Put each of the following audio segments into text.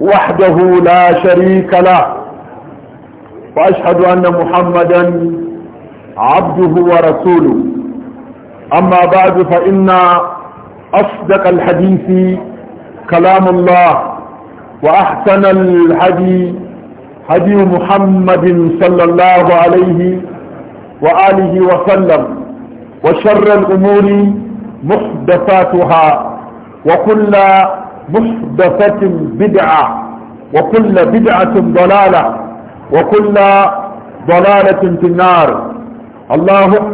وحده لا شريك له وأشهد أن محمدا عبده ورسوله أما بعد فإن أصدق الحديث كلام الله وأحسن الهدي هدي محمد صلى الله عليه وآله وسلم وشر الأمور محدثاتها وكل محدثة بدعة وكل بدعة ضلالة وكل ضلالة في النار اللهم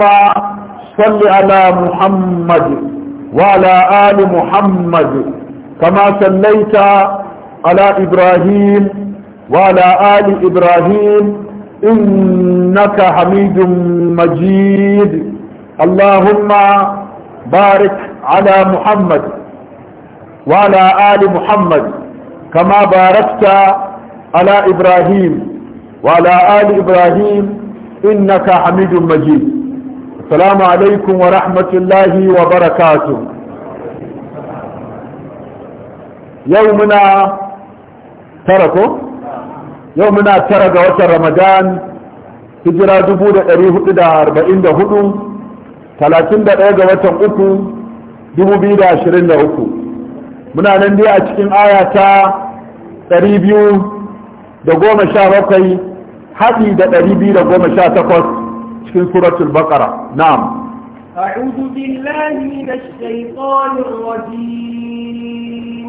صل على محمد وعلى آل محمد كما صليت على إبراهيم وعلى آل إبراهيم إنك حميد مجيد اللهم بارك على محمد وعلى آل محمد كما باركت على إبراهيم وعلى آل إبراهيم إنك حميد مجيد السلام عليكم ورحمة الله وبركاته يومنا تركه يومنا ترك وتر رمضان hijira dubu da ɗari hudu da arba'in da hudu talatin da ɗaya ga watan uku dubu biyu da ashirin da uku muna nan dai a cikin aya ta 217 haɗi da 218 cikin suratul baqara na'am أعوذ بالله من الشيطان الرجيم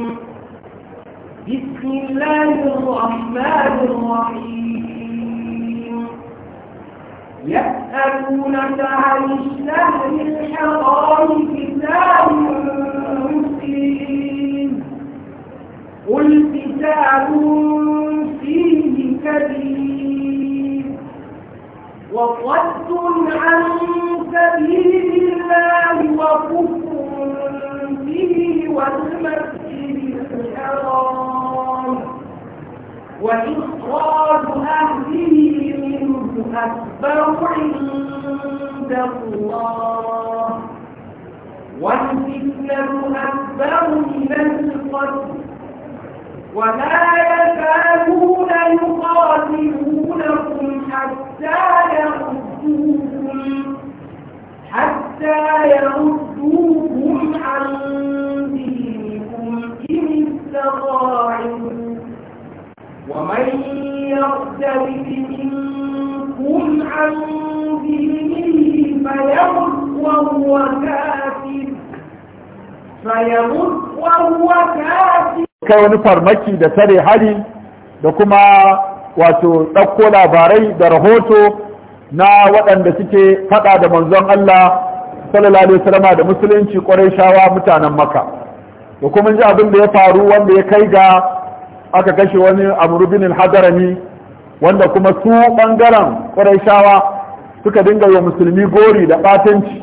بسم الله الرحمن الرحيم يسألونك عن الشهر الحرام كتاب مسلم قل كتاب فيه كبير وصد عن سبيل الله وكفر به والمسجد الحرام وإخراج أهله منه أكبر عند الله والفتنة أكبر من القتل وما يزالون يقاتلونكم حتى يردوكم حتى يردوكم عن دينكم إن استطاعوا ومن يرتد منكم عن دينه فيمت وهو كافر فيمت وهو كافر kai wani farmaki da tare hari da kuma wato ɗauko labarai da rahoto na waɗanda suke faɗa da manzon Allah sallallahu alaihi wasallam da musulunci shawa mutanen maka da kuma ji abin da ya faru wanda ya kai ga aka kashe wani amurubin bin wanda kuma su ɓangaren ƙwarai shawa suka dinga yi musulmi gori da ɓatanci,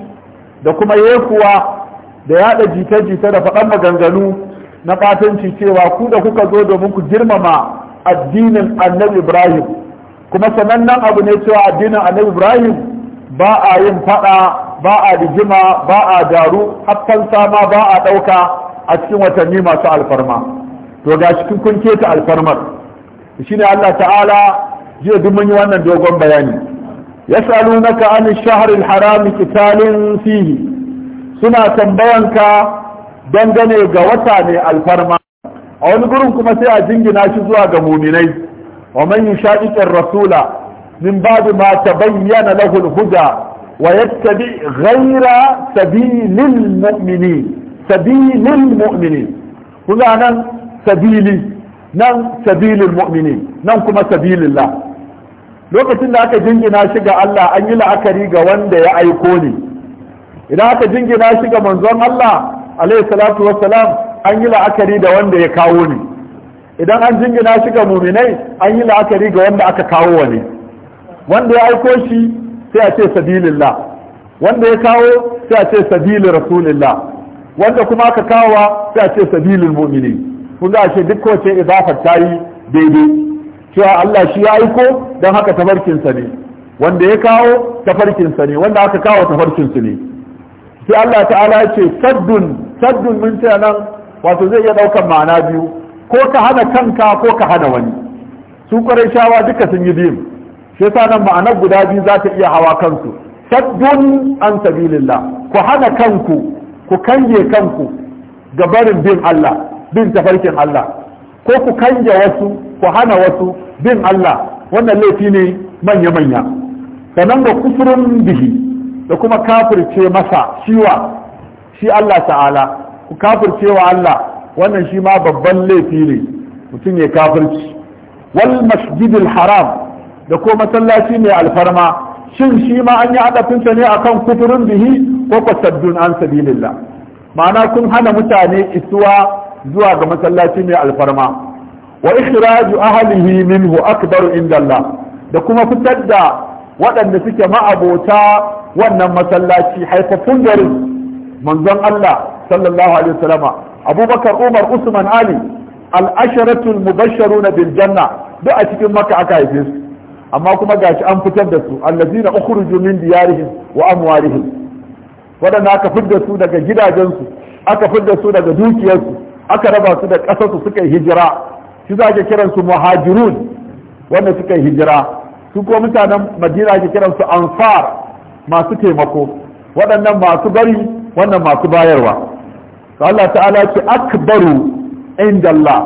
da kuma yekuwa da yada jita-jita da faɗan maganganu na batanci cewa ku da kuka zo domin ku girmama addinin annabi ibrahim kuma sanannen abu ne cewa addinin annabi ibrahim ba a yin fada ba a rigima ba a daru haffan sama ba a ɗauka a cikin watanni masu alfarma to ga cikin kun keta alfarmar shine allah ta'ala jiya duk mun yi wannan dogon bayani yas'alunaka an shahr al-haram qitalin fihi suna tambayanka dangane ga wata ne alfarma a wani gurin kuma sai a jingina shi zuwa ga muminai wa man yushaqiqir rasula min ba'di ma tabayyana lahu al-huda wa yattabi ghayra sabilil mu'minin sabilil mu'minin kuma nan sabili nan sabilil mu'minin nan kuma sabilillah lokacin da aka jingina shi ga Allah an yi la'akari ga wanda ya aiko ni. idan aka jingina shi ga manzon Allah alaihi salatu wa salam an yi la'akari da wanda ya kawo ni idan an jingina shi ga muminai an yi la'akari ga wanda aka kawo wa wanda ya aiko shi sai a ce sabilillah wanda ya kawo sai a ce sabilin rasulillah wanda kuma aka kawo sai a ce sabilin mumini kun ga ashe duk kowace idafa ta yi daidai cewa Allah shi ya aiko don haka tafarkinsa ne wanda ya kawo tafarkinsa ne wanda aka kawo sa ne sai Allah ta'ala ce saddun saddun mun ce nan wato zai iya ɗaukar ma'ana biyu ko ka hana kanka ko ka hana wani su kwarai shawa duka sun yi biyun shi yasa nan ma'anar guda biyu za ta iya hawa kansu saddun an sabilillah ku hana kanku ku kange kanku ga barin bin Allah bin tafarkin Allah ko ku kange wasu ku hana wasu bin Allah wannan laifi ne manya-manya sannan da kufurin bihi da kuma kafirce masa shiwa shi Allah ta'ala ku wa Allah wannan shi ma babban laifi ne mutum ya kafirci wal masjidil haram da ko masallaci mai alfarma shin shi ma an yi adafinsa ne akan kufurin bihi ko fasaddun an sabilillah ma'ana kun hana mutane isuwa zuwa ga masallaci mai alfarma wa ikhraju ahlihi minhu akbar inda Allah da kuma fitar da waɗanda suke ma'abota wannan masallaci haifafun garin manzon Allah sallallahu alaihi wasallama Abubakar Umar Usman Ali al-asharatul mubashsharuna bil janna duk a cikin Makka aka haife su amma kuma shi an fitar da su allazina ukhruju min diyarihim wa amwalihim wadanda aka fitar da su daga gidajensu aka fitar da su daga dukiyarsu aka raba su da ƙasarsu suka yi hijira shi za ke su muhajirun wanda suka yi hijira su kuma mutanen madina ke kiransu su ansar masu taimako waɗannan masu bari wannan masu bayarwa to Allah ta'ala ce akbaru inda Allah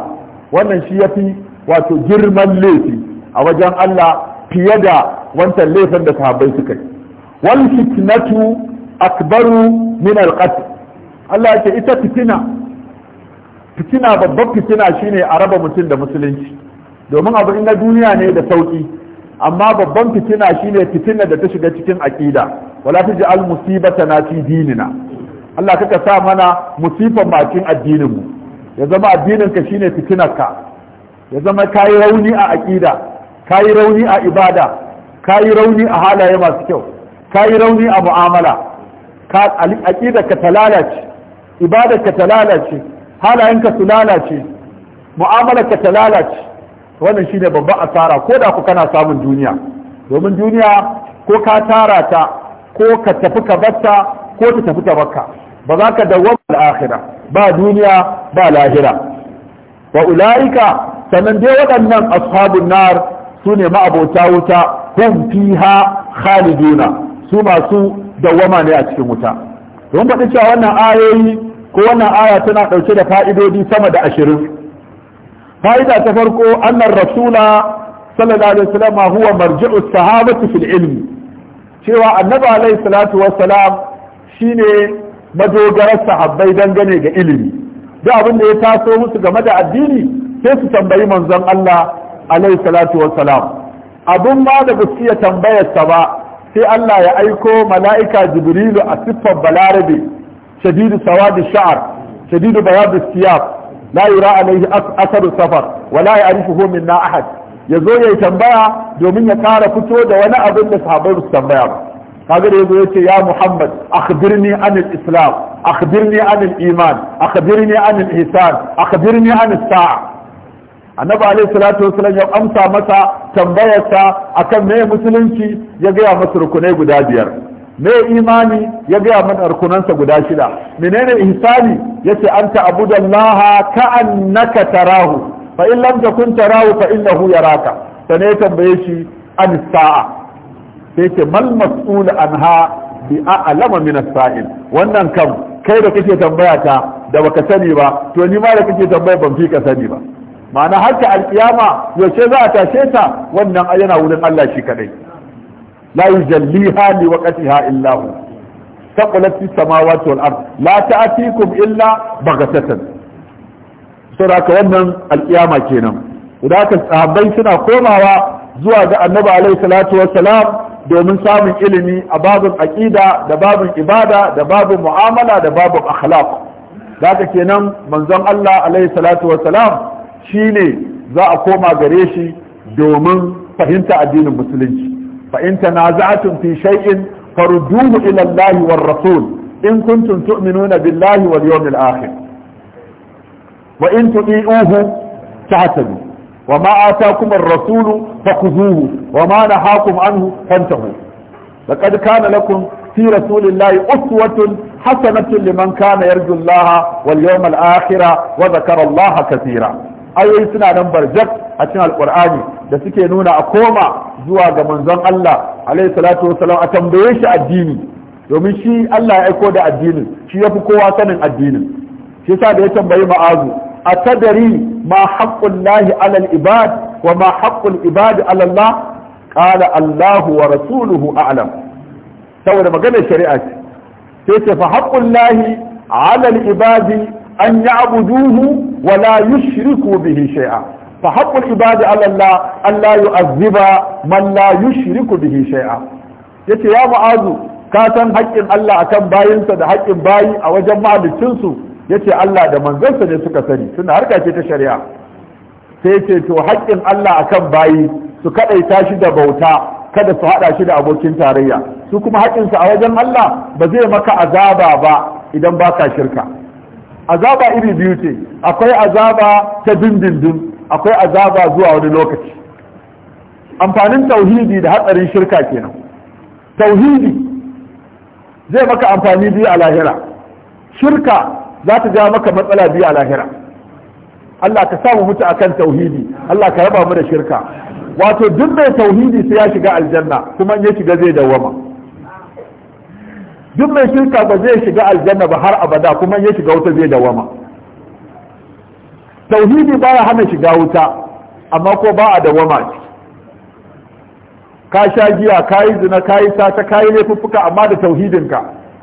wannan shi yafi wato girman laifi a wajen Allah fiye da wancan laifin da sahabbai suka yi wal fitnatu akbaru min al Allah ya ce ita fitina fitina babban fitina shine a raba mutum da musulunci domin abu na duniya ne da sauki amma babban fitina shine fitina da ta shiga cikin aqida wala taj'al musibata na fi dinina Allah kaka sa mana musifan bakin addinin mu ya zama addinin ka shine fitinarka ya zama kayi rauni a aqida kayi rauni a ibada kayi rauni a halaye masu kyau kayi rauni a mu'amala ka aqida ka talalace ibada ka talalace halayen ka su lalace mu'amala ka talalace wannan shine babban asara ko da ku kana samun duniya domin duniya ko ka tara ta ko ka tafi ka batta ko ta tafi ta bakka ba za ka dawwama al'akhira ba duniya ba lahira wa ula'ika sannan dai waɗannan ashabun nar su ne ma'abota wuta fi fiha khaliduna su masu dawwama ne a cikin wuta don faɗi cewa wannan ayoyi ko wannan aya tana ɗauke da fa'idodi sama da ashirin fa'ida ta farko annar rasula sallallahu alaihi wasallam huwa marji'u sahabatu fil ilmi cewa annabi alaihi salatu wassalam shine madogarar sahabbai dangane ga ilimi duk abin da ya taso musu game da addini sai su tambayi manzon Allah alaihi salatu wassalam abun ma da ya tambayar tambayarsa ba sai Allah ya aiko mala'ika jibrilu a siffar balarabe shadidu sawadi sha'ar shadidu bayadu siyaf la yura alaihi asaru safar wala ya'rifuhu minna ahad yazo yayi tambaya domin ya kara fito da wani abin da sahabbai su tambaya ba kaga da yazo yace ya Muhammad akhbirni anil islam akhbirni anil iman akhbirni anil ihsan akhbirni anil sa'a annabi alaihi salatu wasallam ya amsa masa tambayarsa akan me musulunci ya gaya masa rukunai guda biyar me imani ya gaya mana rukunansa guda shida menene ihsani yace anta abudallaha ka'annaka tarahu fa in lam takun tarahu fa innahu yaraka ya tambaye shi an sa'a sai ce mal mas'ul anha bi a'lama min as-sa'il wannan kam kai da kake tambaya ta da baka sani ba to ni ma da kake tambaya ban fi ka sani ba ma'ana har ta alkiyama yaushe za a tashe ta wannan yana wurin Allah shi kadai la yujalliha li waqtiha illa hu taqulat fi samawati wal ard la ta'tikum illa baghatatan saboda wannan alkiyama kenan idan ka sahabbai suna komawa zuwa ga annabi alaihi salatu salam domin samun ilimi a babin aqida da babin ibada da babin mu'amala da babin akhlaq daga kenan manzon Allah alaihi salatu wassalam shine za a koma gare shi domin fahimta addinin musulunci fa in tanaza'tum fi shay'in farudduhu ila Allah war rasul in kuntum tu'minuna billahi wal yawmil akhir wa in tu'i'uhu tahtadu wa ma atakum ar-rasulu fakhuzuhu wa ma nahakum anhu fantahu laqad kana lakum fi rasulillahi uswatun hasanatun liman kana yarju Allah wal yawmal akhir wa dhakara Allah katira ayoyi suna nan barjak a cikin alqur'ani da suke nuna a koma zuwa ga manzon Allah alaihi a tambaye shi addini domin shi Allah ya aiko da addinin shi ya fi kowa sanin addinin shi yasa da ya tambayi ma'azu أتدري ما حق الله على العباد وما حق العباد على الله قال الله ورسوله أعلم سوى لما قال الشريعة فحق الله على العباد أن يعبدوه ولا يشركوا به شيئا فحق العباد على الله أن لا يؤذب من لا يشرك به شيئا yace ya mu'azu ka san haƙƙin Allah akan bayinsa da haƙƙin bayi a wajen mahaliccinsu yace Allah da manzansa ne suka sani suna harka ce ta shari'a sai ce to haƙƙin Allah akan bayi su kaɗaita shi da bauta kada su haɗa shi da abokin tarayya su kuma haƙƙinsa a wajen Allah ba zai maka azaba ba idan baka shirka azaba iri biyu ce akwai azaba ta dindindin akwai azaba zuwa wani lokaci amfanin tauhidi da hatsarin shirka kenan tauhidi zai maka amfani biyu a lahira shirka za ta ja maka matsala biyu a lahira Allah ka samu mutu a kan tauhidi Allah ka raba mu da shirka wato duk mai tauhidi sai ya shiga aljanna kuma in ya shiga zai dawwama duk mai shirka ba zai shiga aljanna ba har abada kuma in ya shiga wuta zai dawwama tauhidi ba ya hana shiga wuta amma ko ba a dawwama ka sha giya ka yi zina ka yi sata ka yi laifuffuka amma da tauhidinka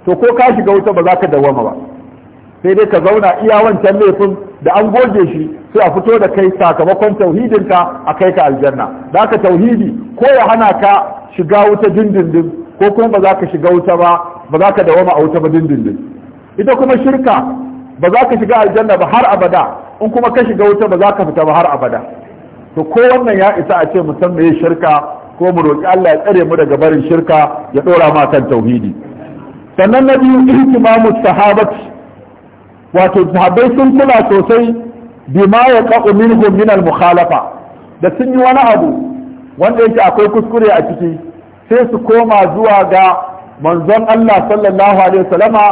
to ko ka shiga wuta ba za ka dawwama ba sai dai ka zauna iya wancan laifin da an goge shi sai a fito da kai sakamakon tauhidinka a kai ka aljanna da ka tauhidi ko ya hana ka shiga wuta dindindin ko kuma ba za ka shiga wuta ba ba za ka dawama a wuta ba dindindin ita kuma shirka ba za ka shiga aljanna ba har abada in kuma ka shiga wuta ba za ka fita ba har abada to ko wannan ya isa a ce mu san meye shirka ko mu roki Allah ya tsare mu daga barin shirka ya dora ma kan tauhidi sannan na biyu ihtimamu sahabati wato sahabbai sun kula sosai bima ya qa'u minhum min al-mukhalafa da sun yi wani abu wanda yake akwai kuskure a ciki sai su koma zuwa ga manzon Allah sallallahu alaihi wasallama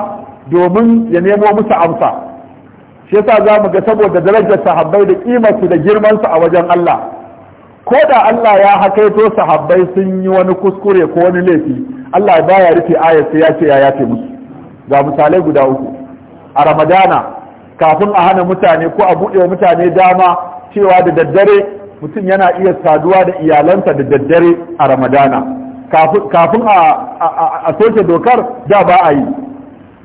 domin ya nemo musu amsa shi yasa za mu ga saboda darajar sahabbai da kimarsu da girman su a wajen Allah ko da Allah ya hakaito sahabbai sun yi wani kuskure ko wani laifi Allah baya rufe ayar sai ya ce ya yafe musu ga misalai guda uku a ramadana kafin a hana mutane ko a buɗe wa mutane dama cewa da daddare mutum yana iya saduwa da iyalansa da daddare a ramadana kafin a soke dokar da ba a yi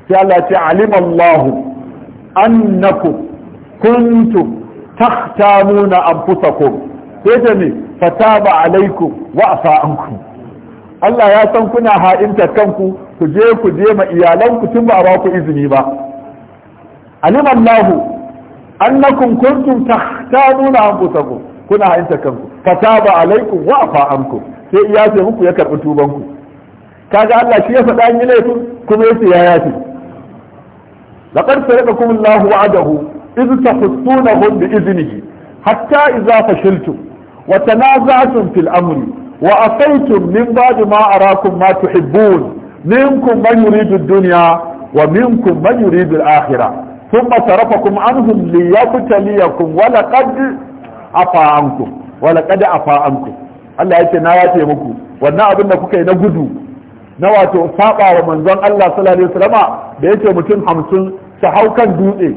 sai Allah ce alimallahu annakum kuntum takhtamuna anfusakum sai ta ne fataba alaikum wa afa anku Allah ya san kuna ha'inta kanku ku je ku je ma iyalanku tun ba ba ku izini ba alim Allahu annakum kuntum tahtanuna anfusakum kuna hainta kanku fataba alaikum wa afa ankum sai ya ce muku ya karbi tuban ku kaga Allah shi ya faɗa ni laifin kuma yace ya yafi laqad sarakakum Allahu wa'adahu إذ تخصونهم بإذنه حتى إذا فشلتم وتنازعتم في الأمر وأتيتم من بعد ما أراكم ما تحبون منكم من يريد الدنيا ومنكم من يريد الآخرة ثم صرفكم عنهم ليبتليكم ولقد عفا عنكم ولقد عفا عنكم Allah yake na yace muku wannan abin da kuka yi na gudu na wato saba wa manzon Allah sallallahu alaihi da yake mutum hamsin su hau kan dutse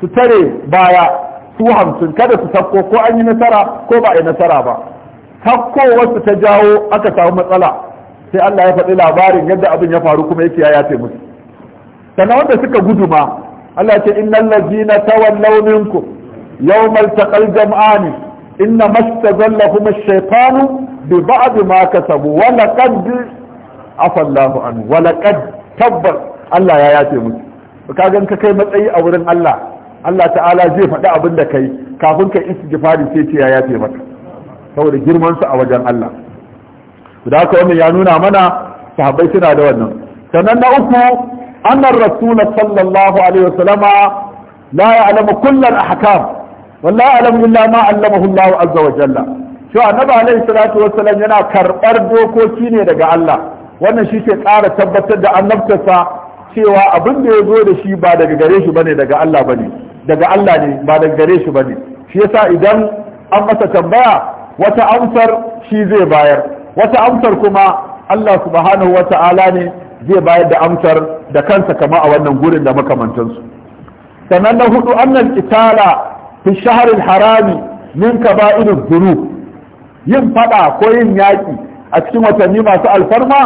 su tare su hamsin kada su sakko ko an yi nasara ko ba a yi nasara ba sakkowar wasu ta jawo aka samu matsala sai Allah ya faɗi labarin yadda abin ya faru kuma ce ya yace musu sannan wanda suka gudu ma Allah ce innal ladina tawallaw minkum yawmal taqal jam'ani inna mastazallahum ash-shaytanu bi ba'd ma kasabu wa laqad afallahu an wa laqad tabbar. Allah ya yace musu ka gan ka kai matsayi a wurin Allah Allah ta'ala zai faɗi abin da kai kafin ka istighfari sai ce ya yace maka saboda girman su a wajen Allah da haka wannan ya nuna mana sahabbai suna da wannan sannan na uku أن الرسول صلى الله عليه وسلم لا يعلم كل الأحكام ولا يعلم إلا ما علمه الله عز وجل شو النبي عليه الصلاة والسلام ينا كربر دوكوكي ne daga Allah wannan shi ke ƙara tabbatar da annabtarsa cewa abin da ya zo da shi ba daga gare shi bane daga daga Allah ne ba daga gare shi bane shi yasa idan an masa tambaya wata amsar shi zai bayar wata amsar kuma Allah subhanahu ne zai bayar da amsar da kansa kama a wannan gurin da makamantansu sannan na hudu annan itala fi shaharin harami min irin dhunub yin fada ko yin yaƙi a cikin watanni masu alfarma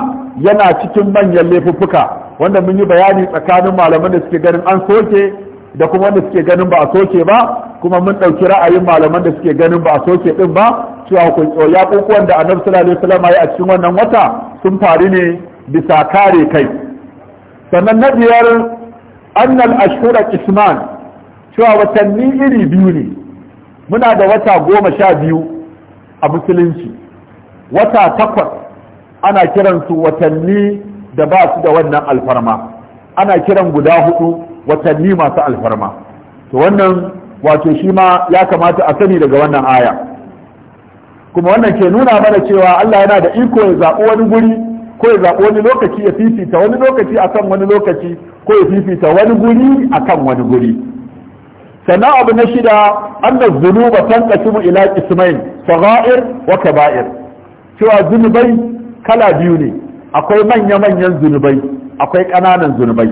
yana cikin manyan laifuffuka wanda mun yi bayani tsakanin malaman da suke ganin an soke da kuma wanda suke ganin ba a soke ba kuma mun ɗauki ra'ayin malaman da suke ganin ba a soke ɗin ba cewa ya da annabi sallallahu alaihi wasallam ya a cikin wannan wata sun faru ne bisa kare kai sannan na biyar annal ashura isman, cewa watanni iri biyu ne muna da wata goma sha biyu a musulunci wata takwas ana kiransu watanni da ba su da wannan alfarma ana kiran guda hudu watanni masu alfarma to wannan wato shi ma ya kamata a sani daga wannan aya kuma wannan ke nuna mana cewa Allah yana da iko ya zaɓi wani guri ko ya zaɓi wani lokaci ya fifita wani lokaci akan wani lokaci ko ya fifita wani guri akan wani guri sannan abu na shida annas zunuba mu ila Isma'il, Fagha'ir, wa kaba'ir cewa zunubai kala biyu ne akwai manya manyan zunubai akwai ƙananan zunubai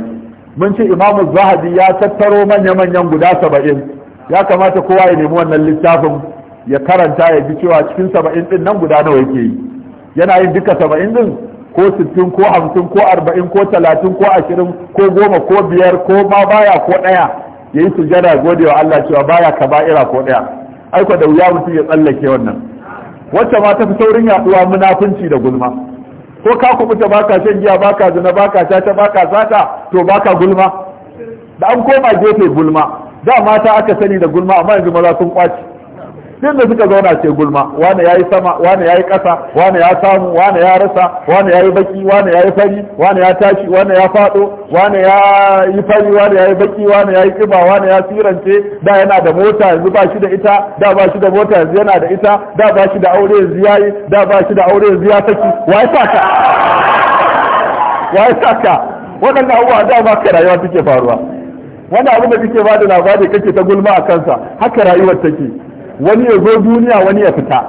mun ce imamu zahabi ya tattaro manya manyan guda saba'in ya kamata kowa ya nemi wannan littafin ya karanta ya ji cewa cikin saba'in din nan guda nawa yake yi yana yin duka saba'in din ko 60 ko 50 ko 40 ko 30 ko 20 ko 10 ko 5 ko ma baya ko daya yayi sujada gode Allah cewa baya kaba'ira ko daya aiko da wuya mutum ya tsallake wannan wacce ma ta fi saurin yaduwa munafunci da gulma ko ka kubuta baka shan giya baka zina baka tata baka sata to baka gulma da an koma gefe gulma da mata aka sani da gulma amma yanzu maza sun kwaci din da suka zauna ce gulma wani yi sama wani yi ƙasa wani ya samu wani ya rasa wani yi baki wani yi fari wani ya tashi wani ya fado wani ya yi fari wani yi baki wani yi kiba wani ya sirance da yana da mota yanzu ba shi da ita da ba shi da mota yanzu yana da ita da ba shi da aure yanzu ya yi, da ba shi da aure yanzu ya saki Wa ya saka ya saka waɗannan abubuwa da ba ka rayuwa take faruwa wani abu da kake ba da labari kake ta gulma a kansa haka rayuwar take wani ya zo duniya wani ya fita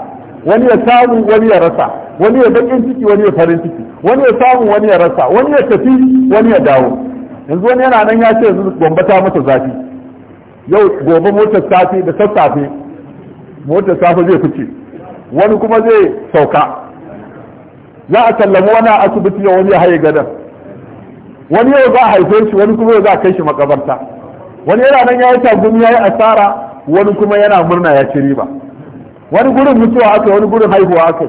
wani ya samu wani ya rasa wani ya bakin ciki wani ya farin ciki wani ya samu wani ya rasa wani ya tafi wani ya dawo yanzu wani yana nan ya ce yanzu gwambata mata zafi yau gobe motar safe da sassafe motar safe zai fice wani kuma zai sauka za a sallama wani a asibiti ya wani ya haye gadon wani yau za a haife shi wani kuma yau za a kai shi makabarta wani yana nan ya yi tagumi ya yi asara wani kuma yana murna ya ci riba wani gurin mutuwa aka wani gurin haihuwa aka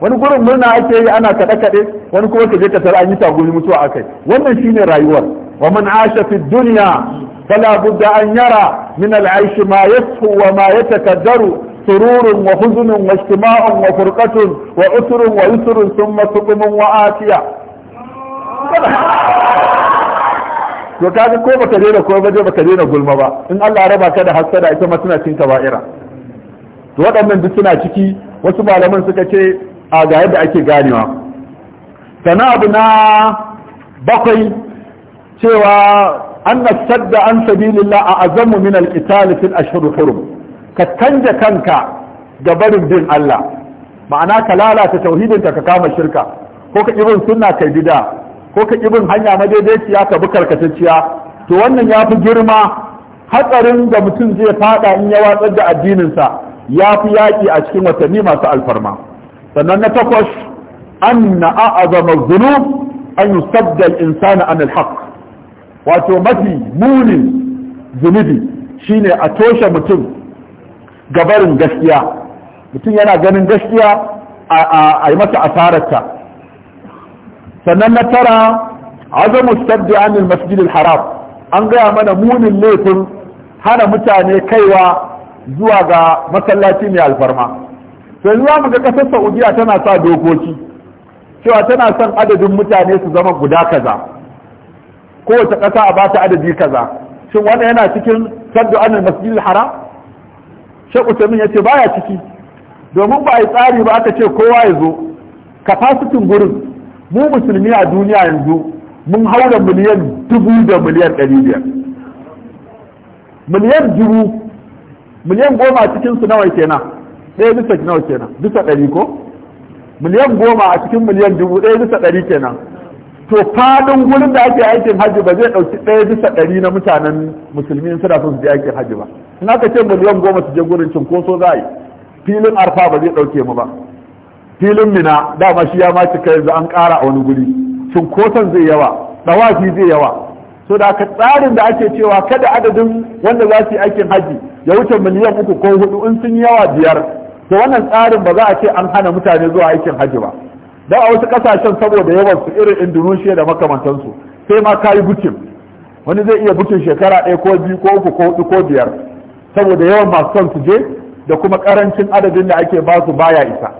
wani gurin murna ake yi ana kaɗe kaɗe wani kuma ka je ka tara an yi tagumi mutuwa aka yi wannan shine rayuwar wa man asha fi dunya fala budda an yara min al-aish ma yasfu wa ma yatakaddaru سرور وحزن واجتماع وفرقة وعسر ويسر ثم سقم وآتية to kaga ko baka daina ko ba baka daina gulma ba in Allah ya raba ka da hasada ita ma tana cin kaba'ira to waɗannan duk suna ciki wasu malaman suka ce a ga yadda ake ganewa sana abu na bakwai cewa anna sadda an sabilillah a azamu min al-qital fil ashhur hurum ka canza kanka ga barin bin Allah ma'ana ka lalata tauhidinka ka kama shirka ko ka ibin sunna kai bid'a ko ka bin hanya madaidaiciya ka bi karkatacciya to wannan ya fi girma hatsarin da mutum zai fada in ya watsar da addininsa ya fi yaƙi a cikin watanni masu alfarma sannan na takwas an na a'azama zunub an yi sabda insana an alhaq wato mafi munin zunubi shine a toshe mutum gabarin gaskiya mutum yana ganin gaskiya a yi masa asararta sannan na tara azamu saddi anil masjid haram an gaya mana munin laifin hana mutane kaiwa zuwa ga masallaci mai alfarma sai zuwa mu ga kasar saudiya tana sa dokoki cewa tana son adadin mutane su zama guda kaza kowace ƙasa a bata adadi kaza shin wannan yana cikin saddu anil masjid haram shek ya ce baya ciki domin ba a yi tsari ba aka ce kowa ya zo kafasitin gurin mu musulmi a duniya yanzu mun haura miliyan dubu da miliyan ɗari biyar miliyan dubu miliyan goma cikin su nawa kenan ɗaya bisa nawa kenan bisa ɗari ko miliyan goma a cikin miliyan dubu ɗaya bisa ɗari kenan to faɗin gurin da ake aikin hajji ba zai ɗauki ɗaya bisa ɗari na mutanen musulmi in suna son su je aikin hajji ba in aka ce miliyan goma su je gurin cinkoso za a yi filin arfa ba zai ɗauke mu ba filin mina dama shi ya ma cika yanzu an kara a wani guri cunkoson zai yawa ɗawafi zai yawa so da aka tsarin da ake cewa kada adadin wanda za su yi aikin haji ya wuce miliyan uku ko hudu in sun yawa biyar to wannan tsarin ba za a ce an hana mutane zuwa aikin haji ba da a wasu kasashen saboda yawan su irin indonesia da makamantansu sai ma ka yi bukin wani zai iya bukin shekara ɗaya ko biyu ko uku ko hudu ko biyar saboda yawan masu son su je da kuma karancin adadin da ake ba su baya isa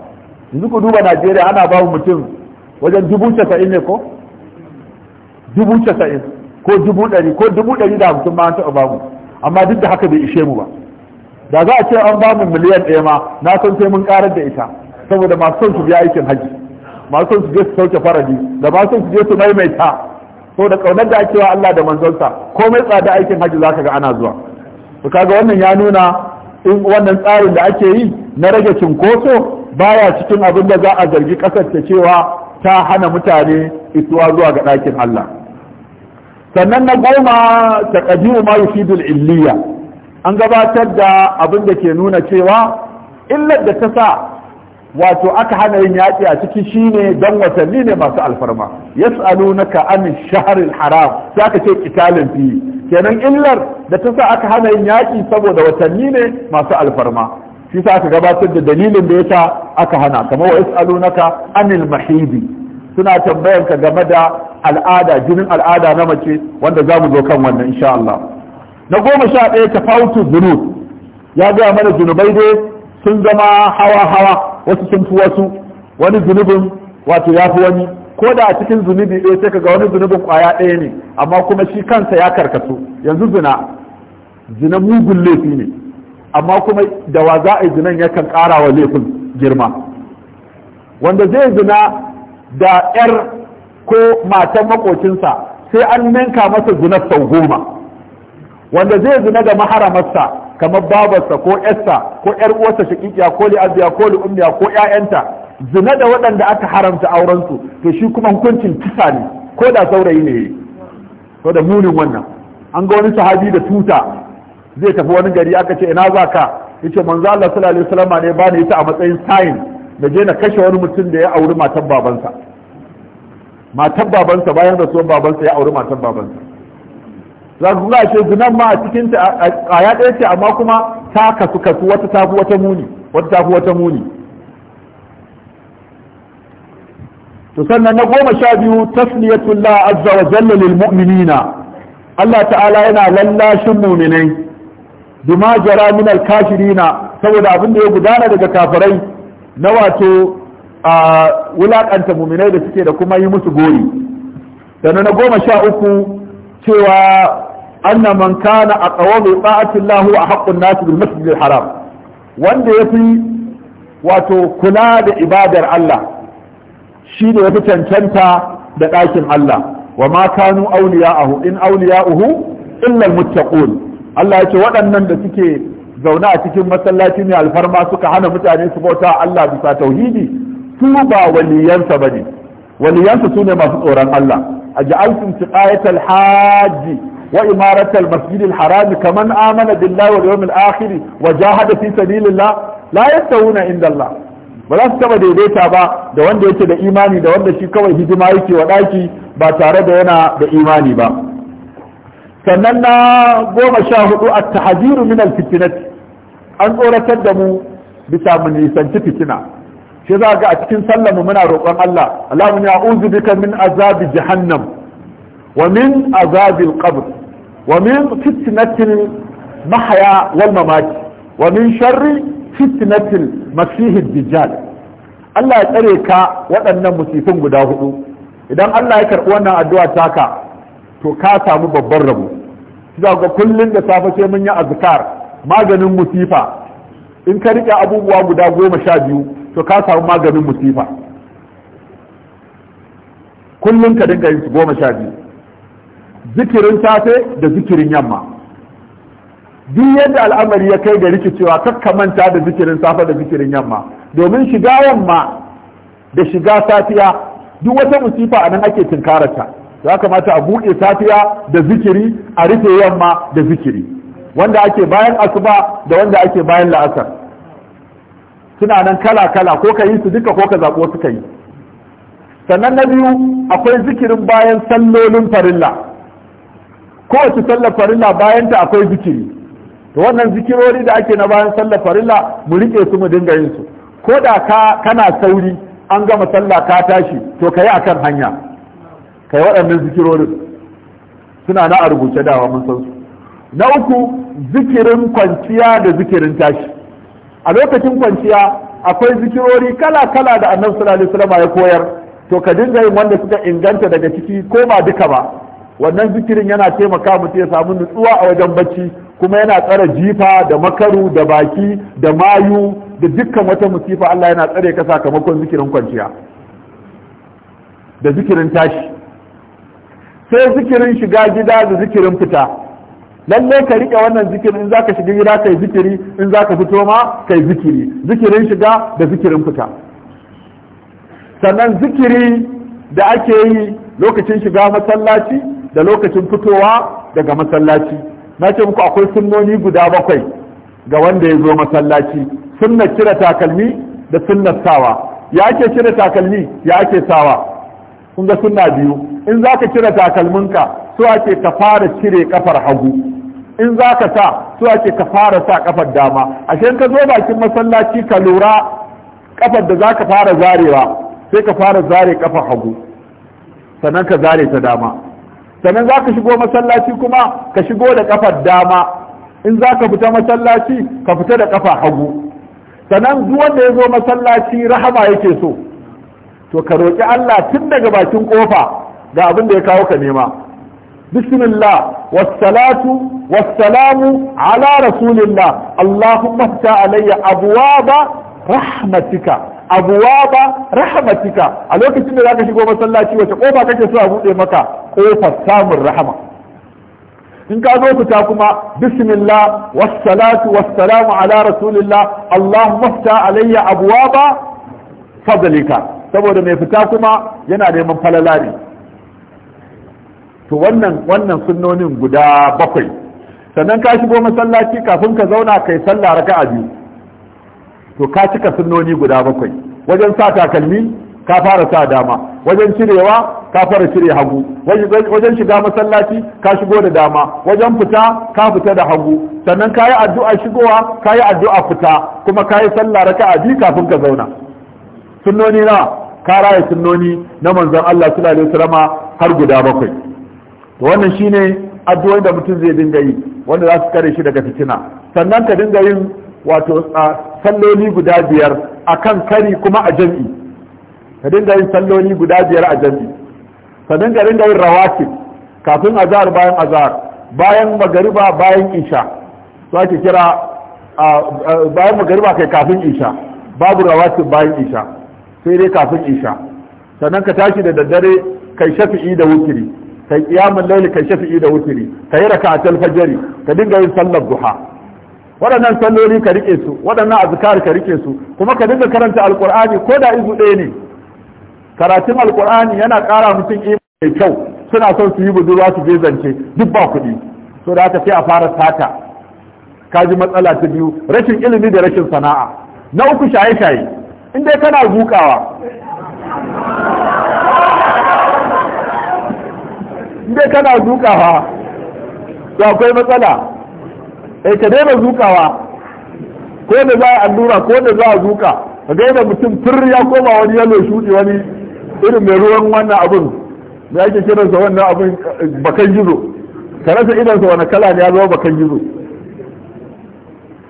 yanzu ku duba najeriya ana ba mutum wajen dubu casa'in ne ko dubu casa'in ko dubu ɗari ko dubu ɗari da hamsin ma an taɓa bamu amma duk da haka bai ishe mu ba da za a ce an ba mu miliyan ɗaya ma na san sai mun ƙarar da ita saboda masu son su biya aikin haji masu son su je su sauke faradi da masu son su je su maimaita saboda ƙaunar da ake wa Allah da manzonsa komai tsada aikin haji za ka ga ana zuwa to kaga wannan ya nuna in wannan tsarin da ake yi na rage cinkoso baya cikin abin da za a zargi ƙasar ta cewa ta hana mutane isuwa zuwa ga ɗakin Allah sannan na goma ta ƙadiru ma yufidul illiya an gabatar da abin da ke nuna cewa illar da ta sa wato aka hana yin yaƙi a ciki shine don watanni ne masu alfarma yas'alunaka an shahril haram za ka ce ƙitalin fiye. kenan illar da ta sa aka hana yin yaƙi saboda watanni ne masu alfarma shi sa aka gabatar da dalilin da ya sa aka hana kamar wa yas'alunaka anil mahidi suna tambayar ka game da al'ada jinin al'ada na mace wanda za mu zo kan wannan insha Allah na goma sha ɗaya tafawutu zunub ya gaya mana zunubai dai sun zama hawa hawa wasu sun fi wasu wani zunubin wato ya fi wani ko da a cikin zunubi ɗaya sai ga wani zunubin ƙwaya ɗaya ne amma kuma shi kansa ya karkatu yanzu zina zina mugun laifi ne amma kuma da wa za a yi zinan yakan ƙara wa laifin girma wanda zai zina da ƴar ko matan makocinsa sai an ninka masa zinar sau goma wanda zai zina da maharamarsa kamar babarsa ko yarsa ko ƴar uwarsa shakikiya ko li'abiya ko li'ummiya ko ƴaƴanta zina da waɗanda aka haramta aurensu to shi kuma hukuncin kisa ne ko da saurayi ne ko da munin wannan an ga wani sahabi da tuta zai tafi wani gari aka ce ina za ka yace manzo Allah sallallahu alaihi wasallam ne bani ita a matsayin sign na je na kashe wani mutum da ya auri matan babansa matan babansa bayan da son babansa ya auri matan babansa za ku ga ce zinan ma a cikin ta a ya ɗaya ce amma kuma ta kasu kasu wata tafi wata muni wata tafi wata muni to sannan na goma sha biyu tasliyatullah azza wa jalla lil mu'minina Allah ta'ala yana lallashin mu'minai bima jara min al kafirina saboda abin da ya gudana daga kafirai na wato a wulakanta mu'minai da suke da kuma yi musu gori sannan na goma sha uku cewa anna man kana aqwamu ta'atillahu a haqqun nas bil masjidil haram wanda yafi wato kula da ibadar Allah shi ne ya fi cancanta da ɗakin Allah wa ma kanu auliya'ahu in auliya'uhu illa almuttaqun Allah ya ce waɗannan da suke zaune a cikin masallaci ne alfarma suka hana mutane su bauta Allah bisa tauhidi su ba waliyansa bane waliyansa sune masu tsoron Allah aj'altum tiqayat alhajj wa imarat almasjid alharam kaman amana billahi wal yawmil akhir wa jahada fi sabilillah la yastawuna inda Allah ba za su taba daidaita ba da wanda yake da imani da wanda shi kawai hidima yake wa ɗaki ba tare da yana da imani ba sannan na goma sha hudu a tahaziru min alfitinat an tsoratar da mu bisa mu nisanci fitina shi za ga a cikin sallamu muna roƙon Allah Allahumma uzu bika min azabi jahannam wa min azabi alqabr wa min fitnatil mahya wal mamat wa min sharri fitnatil masihid dijjal Allah ya tsare ka waɗannan musifin guda hudu idan Allah ya karɓi wannan addu'a taka to ka samu babban rabo za ga kullun da safe sai mun yi azkar maganin musifa in ka rike abubuwa guda goma sha biyu to ka samu maganin musifa kullun ka dinga yin su goma sha biyu zikirin safe da zikirin yamma duk yadda al'amari ya kai ga rikicewa kakka manta da zikirin safa da zikirin yamma domin shiga yamma da shiga safiya duk wata musifa a nan ake tunkararta ya kamata a buɗe safiya da zikiri a rufe yamma da zikiri wanda ake bayan asuba da wanda ake bayan la'asar suna nan kala kala ko ka yi su duka ko ka zaɓi wasu ka yi sannan na biyu akwai zikirin bayan sallolin farilla kowace sallar farilla bayan ta akwai zikiri to wannan zikirori da ake na bayan sallar farilla mu rike su mu dinga yin su ko da ka kana sauri an gama sallah ka tashi to kai akan hanya kai waɗannan zikirorin suna na a rubuce dawa mun san su na uku zikirin kwanciya da zikirin tashi a lokacin kwanciya akwai zikirori kala kala da annabi sallallahu alaihi wasallam ya koyar to ka dinga yin wanda suka inganta daga ciki ko ba duka ba wannan zikirin yana taimaka mutum ya samu nutsuwa a wajen bacci kuma yana tsare jifa da makaru da baki da mayu da dukkan wata musifa Allah yana tsare ka sakamakon zikirin kwanciya da zikirin tashi sai zikirin shiga gida da zikirin fita lalle ka rike wannan zikirin in zaka shiga gida kai zikiri in zaka fito ma kai zikiri zikirin shiga da zikirin fita sannan zikiri da ake yi lokacin shiga masallaci da lokacin fitowa daga masallaci na ce muku akwai sunnoni guda bakwai ga wanda ya zo masallaci sunnar cire takalmi da sunnar sawa ya ake cire takalmi ya ake sawa kun ga sunna biyu in za ka cire takalminka su ake ka fara cire kafar hagu in za ka sa su ake ka fara sa kafar dama ashe ka zo bakin masallaci ka lura kafar da za ka fara zarewa sai ka fara zare kafar hagu sannan ka zare ta dama sannan za ka shigo masallaci kuma ka shigo da kafar dama in za ka fita masallaci ka fita da kafa hagu sannan duk wanda ya zo masallaci rahama yake so to ka roƙi Allah tun daga bakin ƙofa ga abin da ya kawo ka nema bismillah wassalatu wassalamu ala rasulillah allahumma mafita alayya abwaba rahmatika abuwaba rahmatika a lokacin da zaka shigo masallaci wace kofa kake so a bude maka kofar samun rahama in ka zo fita kuma bismillah wassalatu wassalamu ala rasulillah allahumma fta alayya abuwaba fadlika saboda mai fita kuma yana neman falala ne to wannan wannan sunnonin guda bakwai sannan ka shigo masallaci kafin ka zauna kai sallah raka'a biyu to ka cika sunnoni guda bakwai wajen sa takalmi ka fara sa dama wajen cirewa ka fara cire hagu wajen shiga masallaci ka shigo da dama wajen fita ka fita da hagu sannan ka yi addu'a shigowa ka yi addu'a fita kuma ka yi sallah raka a biyu kafin ka zauna sunnoni na ka raya sunnoni na manzon Allah sallallahu alaihi wasallama har guda bakwai to wannan shine addu'o'i da mutum zai dinga yi wanda za su kare shi daga fitina sannan ka dinga yin wato salloli guda biyar a kan kari kuma a jam'i ka dinga yin salloli guda biyar a jam'i ka dinga dinga yin rawatib kafin azhar bayan azhar bayan magariba bayan isha su ake kira bayan magariba kai kafin isha babu rawatib bayan isha sai dai kafin isha sannan ka tashi da daddare kai shafi'i da wukiri, kai qiyamul layli kai shafi'i da wutiri kai raka'atul fajr ka dinga yin sallar duha waɗannan salloli ka rike su waɗannan azkar ka rike su kuma ka dinga karanta alqur'ani ko da izu ɗaya ne karatun alqur'ani yana ƙara mutum imani mai kyau suna son su yi budurwa su je zance duk ba kuɗi so da haka sai a fara sata ka ji matsala ta biyu rashin ilimi da rashin sana'a na uku shaye-shaye in dai kana zukawa in dai kana zukawa to akwai matsala eh ka daina zukawa ko da za a allura ko da za a zuka ka daina mutum fir ya koma wani yalo shudi wani irin mai ruwan wannan abin da ake sa wannan abin bakan gizo ka rasa sa wani kala ne ya zama bakan gizo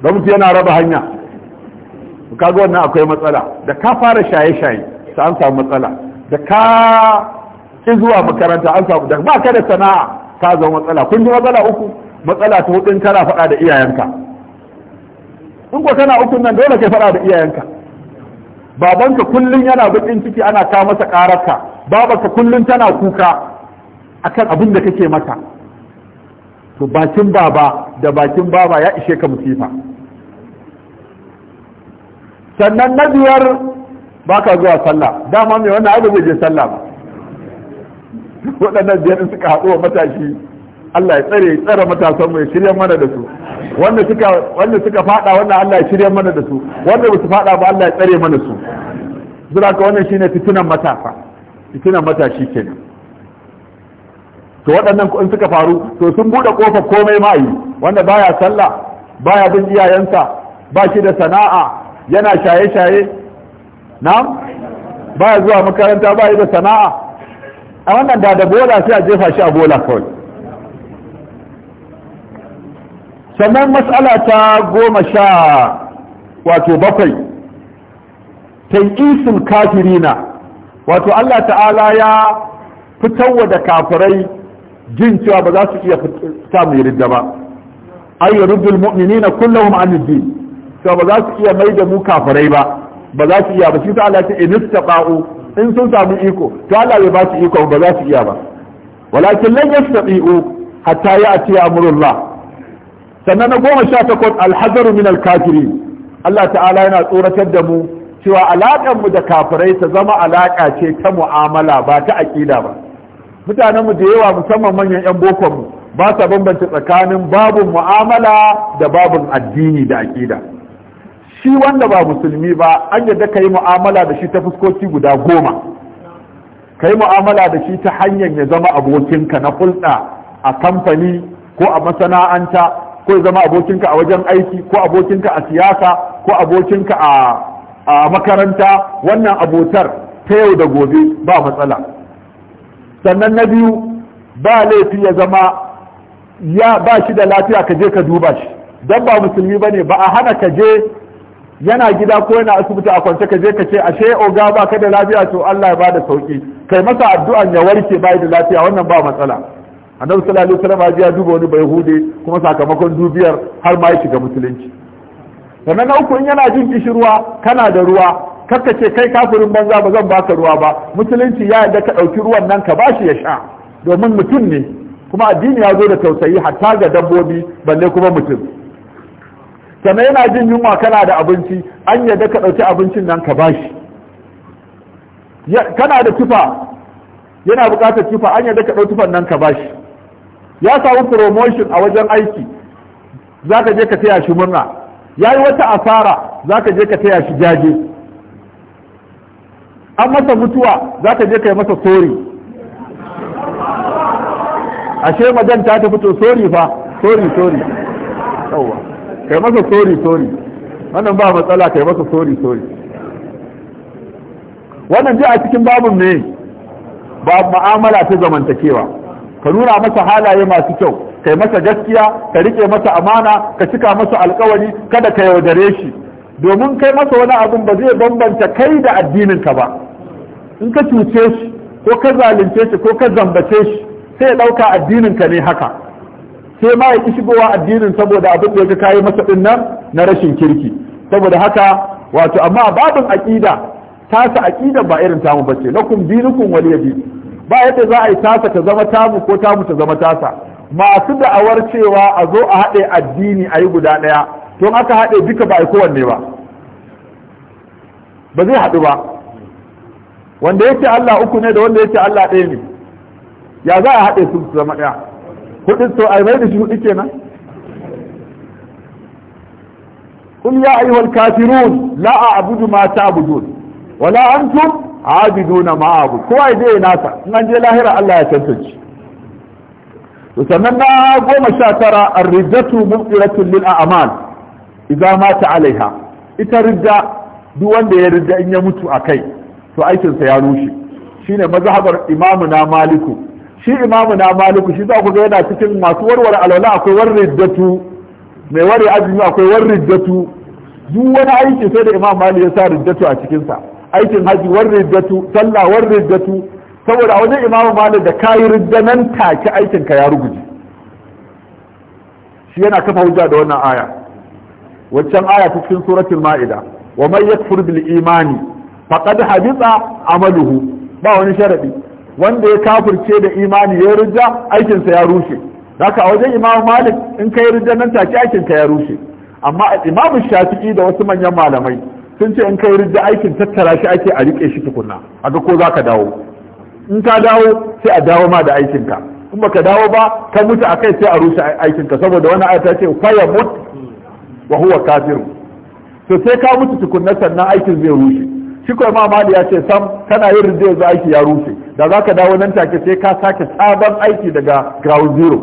don yana raba hanya ga wannan akwai matsala da ka fara shaye-shaye ta an samu matsala da ka ki zuwa makaranta an samu da ba ka da sana'a ta zama matsala kun ji matsala uku matsala ta hudun kana faɗa da iyayenka in ko kana ukun nan dole ka faɗa da iyayenka babanka kullun yana bakin ciki ana ka masa ƙararka babanka kullun tana kuka akan abin da kake mata to bakin baba da bakin baba ya ishe ka musifa sannan na biyar baka zuwa sallah dama mai wannan abu zai je sallah ba waɗannan biyar suka haɗu wa matashi Allah ya tsare tsare matasan mu ya shirya mana da su wanda suka wanda suka fada wannan Allah ya shirya mana da su wanda ba su fada ba Allah ya tsare mana su zura ka wannan shine fitinan matasa fitinan matashi kenan to waɗannan in suka faru to sun bude kofa komai ma yi wanda baya sallah baya bin iyayensa ba shi da sana'a yana shaye-shaye na'am baya zuwa makaranta ba da sana'a a wannan da da bola sai a jefa shi a bola kawai sannan matsala ta goma sha wato bakwai tankisul kafirina wato Allah ta'ala ya fitowa da kafirai jin cewa ba za su iya mai ridda ba ay yuridul mu'minina kullum an din cewa ba za su iya mai da mu kafirai ba ba za su iya ba shi ta Allah ta ba'u in sun samu iko ta Allah ya ba su iko ba za su iya ba walakin lan yastati'u hatta ya'ti amrullah sannan na goma sha takwas alhazaru min alkafiri Allah ta'ala yana tsoratar da mu cewa alaƙar mu da kafirai ta zama alaƙa ce ta mu'amala ba ta aƙida ba mutanen mu da yawa musamman manyan yan bokon mu ba sa bambanta tsakanin babun mu'amala da babun addini da aƙida shi wanda ba musulmi ba an yadda ka yi mu'amala da shi ta fuskoki guda goma ka yi mu'amala da shi ta hanyar ya zama abokinka na hulɗa a kamfani ko a masana'anta ko ya zama abokinka a wajen aiki ko abokinka a siyasa ko abokinka a makaranta wannan abotar ta yau da gobe ba matsala sannan na biyu ba laifi ya zama ya ba shi da lafiya ka je ka duba shi don ba musulmi ba ne ba a hana ka je yana gida ko yana asibiti a kwance ka je ka ce ashe oga ba ka da lafiya to Allah ya bada sauki kai masa addu'an ya warke bai da lafiya wannan ba matsala annabi sallallahu alaihi wasallam ya duba wani bayhude kuma sakamakon dubiyar har ma ya shiga musulunci sannan na uku in yana jin kishirwa kana da ruwa kakka ce kai kafirin banza ba zan baka ruwa ba musulunci ya yarda ka ɗauki ruwan nan ka bashi ya sha domin mutum ne kuma addini ya zo da tausayi hatta ga dabbobi balle kuma mutum sannan yana jin yunwa kana da abinci an yarda ka ɗauki abincin nan ka bashi kana da tufa yana buƙatar tufa an yarda ka dauki tufan nan ka bashi ya samu promotion a wajen aiki za ka je ka taya shi murna ya yi wata asara za ka je ka taya shi jaje an masa mutuwa za ka je ka yi masa sori ashe madan ta ta fito sori fa sori sori yawa kai masa sori sori wannan ba matsala kai masa sori sori wannan ji a cikin babin ne ba mu'amala ta zamantakewa ka nuna masa halaye masu kyau ka yi masa gaskiya ka rike masa amana ka cika masa alkawari kada ka yaudare shi domin kai masa wani abin ba zai bambanta kai da addininka ba in ka cuce shi ko ka zalunce shi ko ka zambace shi sai ya ɗauka addininka ne haka sai ma ya ki shigowa addinin saboda abin da ya kayi masa ɗin nan na rashin kirki saboda haka wato amma babin aƙida tasa aƙida ba irin tamu bace lakum dinukum waliyadin ba yadda za a yi tasa ta zama tamu ko tamu ta zama tasa masu da'awar cewa a zo a haɗe addini a yi guda ɗaya to aka haɗe duka ba a yi kowanne ba ba zai haɗu ba wanda yake Allah uku ne da wanda yake Allah ɗaya ne ya za a haɗe su su zama ɗaya hudu to a mai da shi hudu kenan قل يا أيها الكافرون لا أعبد ما تعبدون wala antum abiduna ma'abu kowa ya je nasa in an je lahira Allah ya tantance to sannan na goma sha tara ar-riddatu mumtiratun lil a'mal idza mata alaiha ita ridda duk wanda ya ridda in ya mutu akai to aikin sa ya rushe shine mazhabar imamu na maliku shi imamu na maliku shi za ku ga yana cikin masu warware alwala akwai warriddatu mai ware azumi akwai warriddatu duk wani aiki sai da imam maliku ya sa riddatu a cikin sa aikin haji war riddatu sallah war riddatu saboda wajen imamu malik da kayi ridda nan take aikin ka ya ruguje shi yana kafa hujja da wannan aya waccan aya ta cikin suratul ma'ida wa man yakfur bil imani faqad habita amaluhu ba wani sharadi wanda ya kafirce da imani ya rujja aikin sa ya rushe haka a wajen imamu malik in kai rujja nan take aikin ka ya rushe amma imamu shafi'i da wasu manyan malamai sun ce in kai rijda aikin tattara shi ake a rike shi tukunna ga ko za ka dawo in ka dawo sai a dawo ma da aikinka in ba ka dawo ba ka mutu a kai sai a rushe aikinka saboda wani ayata ce faya mut wa huwa kafir to sai ka mutu tukunna sannan aikin zai rushe shi ko ma ya ce sam kana yin rijda yanzu aiki ya rushe da za ka dawo nan take sai ka sake sabon aiki daga ground zero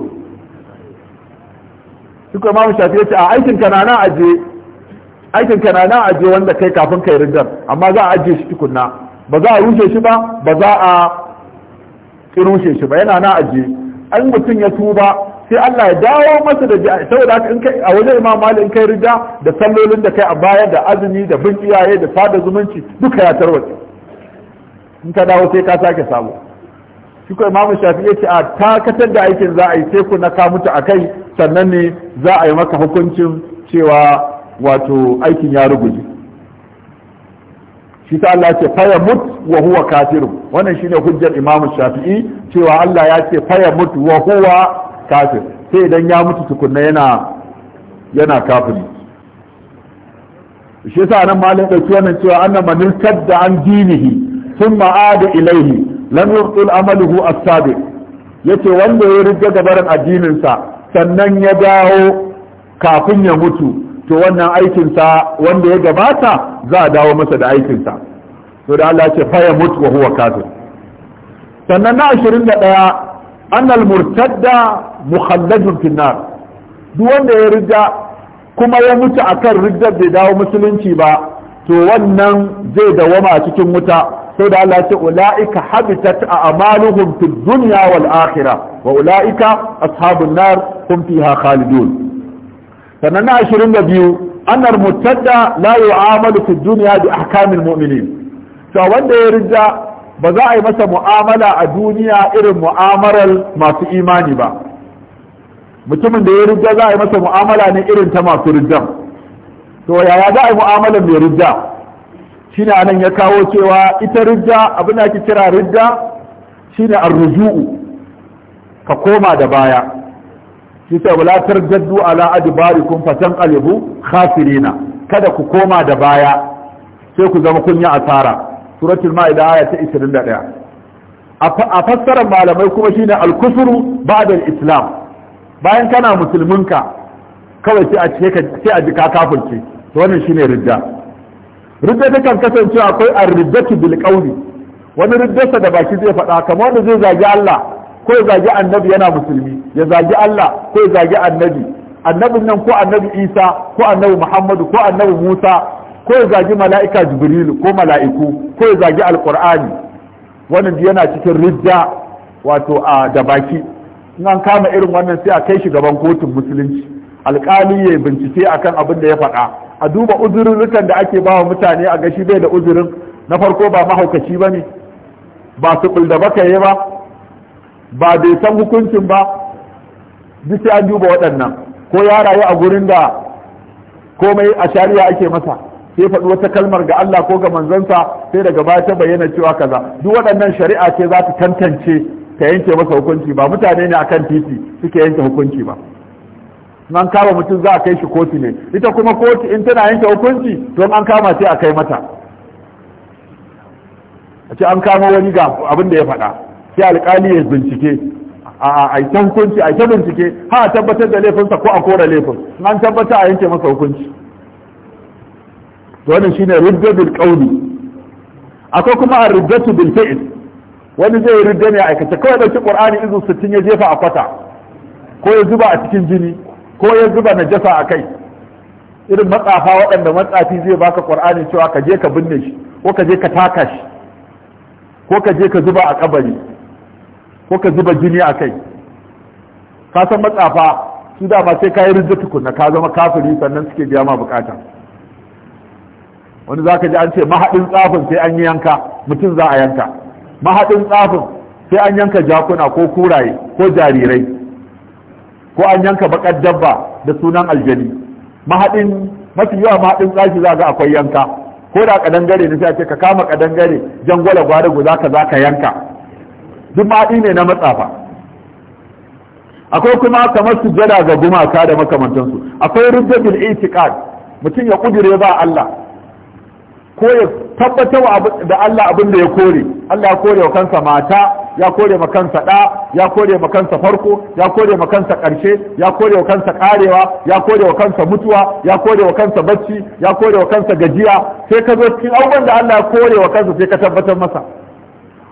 shi ma mu shafi ya ce a aikin ka na nan aje aikin ka na nan wanda kai kafin kai rigar amma za a aje shi tukunna ba za a rushe shi ba ba za a rushe shi ba yana nan aje an mutum ya tuba sai Allah ya dawo masa da saboda haka in kai a wajen Imam Malik kai rida, da sallolin da kai a baya da azumi da bin iyaye da fada zumunci duka ya tarwace in ka dawo sai ka sake samu shi ko Imam Shafi yace a takatar da aikin za a yi sai ku na ka mutu kai sannan ne za a yi maka hukuncin cewa wato aikin ya ruguje shi ta Allah ce faya mut wa huwa kafiru wannan shine hujjar imamu Shafi'i cewa Allah ya ce faya mut wa huwa kafir sai idan ya mutu tukunna yana yana kafiri shi yasa nan dauki wannan cewa annan man da an dinihi thumma aada ilaihi lam yurtul amaluhu as-sabiq yace wanda ya riga gabaran addinin sa sannan ya dawo kafin ya mutu to wannan aikinsa wanda ya gabata za a dawo masa da aikinsa to da Allah ce faya mutu wa huwa kafir sannan na 21 annal murtadda mukhallajun finnar duk wanda ya rida kuma ya mutu akan riddar bai dawo musulunci ba to wannan zai dawama a cikin wuta sau da Allah ce ula'ika habitat a amaluhum fid dunya wal akhirah wa ula'ika ashabun nar hum fiha khalidun sannan na ashirin da biyu annar mutadda la amalu fi duniya bi ahkamil mu'minin to wanda ya rijja ba za a yi masa mu'amala a duniya irin mu'amalar masu imani ba mutumin da ya rijja za a yi masa mu'amala ne irin ta masu rijjan to yaya za a yi mu'amalar mai shi shine anan ya kawo cewa ita rijja abin da ake kira ne shine ruju'u ka koma da baya shi ta wala tarjaddu ala adbarikum fatan khasirina kada ku koma da baya sai ku zama kun yi asara suratul maida aya ta 21 a fassarar malamai kuma shine al-kufru ba'da al-islam bayan kana musulminka kawai sai a ce sai a ji ka kafirce to wannan shine ridda ridda ta kan kasance akwai ar-riddatu bil qawli wani riddarsa da baki zai faɗa kamar wanda zai zagi Allah ko zagi annabi yana musulmi ya zagi Allah ko ya zagi annabi annabin nan ko annabi Isa ko annabi Muhammadu ko annabi Musa ko ya zagi mala'ika Jibril ko mala'iku ko ya zagi alqur'ani wannan yana cikin ridda wato a da baki in an kama irin wannan sai a kai shi gaban kotun musulunci alƙali ya bincike akan abin da ya faɗa a duba uzurrukan da ake bawa mutane a gashi bai da uzurin na farko ba mahaukaci ba ne ba su da baka ba ba bai san hukuncin ba duk an duba waɗannan ko ya rayu a gurin da komai a shari'a ake masa sai faɗi wata kalmar ga Allah ko ga manzansa sai daga baya ta bayyana cewa kaza duk waɗannan shari'a ce za ta tantance ta yanke masa hukunci ba mutane ne akan titi suke yanke hukunci ba an kama mutum za a kai shi kotu ne ita kuma kotu in tana yanke hukunci to an kama sai a kai mata a ce an kama wani ga abin da ya faɗa sai alƙali ya bincike a a ta hukunci a ta bincike ha a tabbatar da laifinsa ko a kora laifin an tabbata a yanke masa hukunci wani shi ne ridda bil akwai kuma a riddatu bil wani zai yi ridda ne a aikace kawai da ci qur'ani izu 60 ya jefa a kwata ko ya zuba a cikin jini ko ya zuba na jasa a kai irin matsafa waɗanda matsafi zai baka ƙur'ani cewa ka je ka binne shi ko ka je ka taka shi ko ka je ka zuba a kabari ko ka zuba jini a kai ka san matsafa su dama sai ka yi rijja tukunna ka zama kafiri sannan suke biya ma bukata wani zaka ji an ce mahaɗin tsafin sai an yi yanka mutum za a yanka mahaɗin tsafin sai an yanka jakuna ko kuraye ko jarirai ko an yanka bakar dabba da sunan aljani mahaɗin mafi yawa mahaɗin tsafi za ga akwai yanka ko da kadangare ne sai a ce ka kama kadangare gwale-gwale za ka za ka yanka duk maɗi ne na matsafa akwai kuma kamar su jada ga gumaka da makamantansu akwai rijjatul itiqad mutum ya kudure ba Allah ko ya tabbatar da Allah abin da ya kore Allah ya kore wa kansa mata ya kore ma kansa da ya kore ma kansa farko ya kore ma kansa karshe ya kore wa kansa karewa ya kore wa kansa mutuwa ya kore wa kansa bacci ya kore wa kansa gajiya sai ka zo cikin abubuwan da Allah ya kore wa kansa sai ka tabbatar masa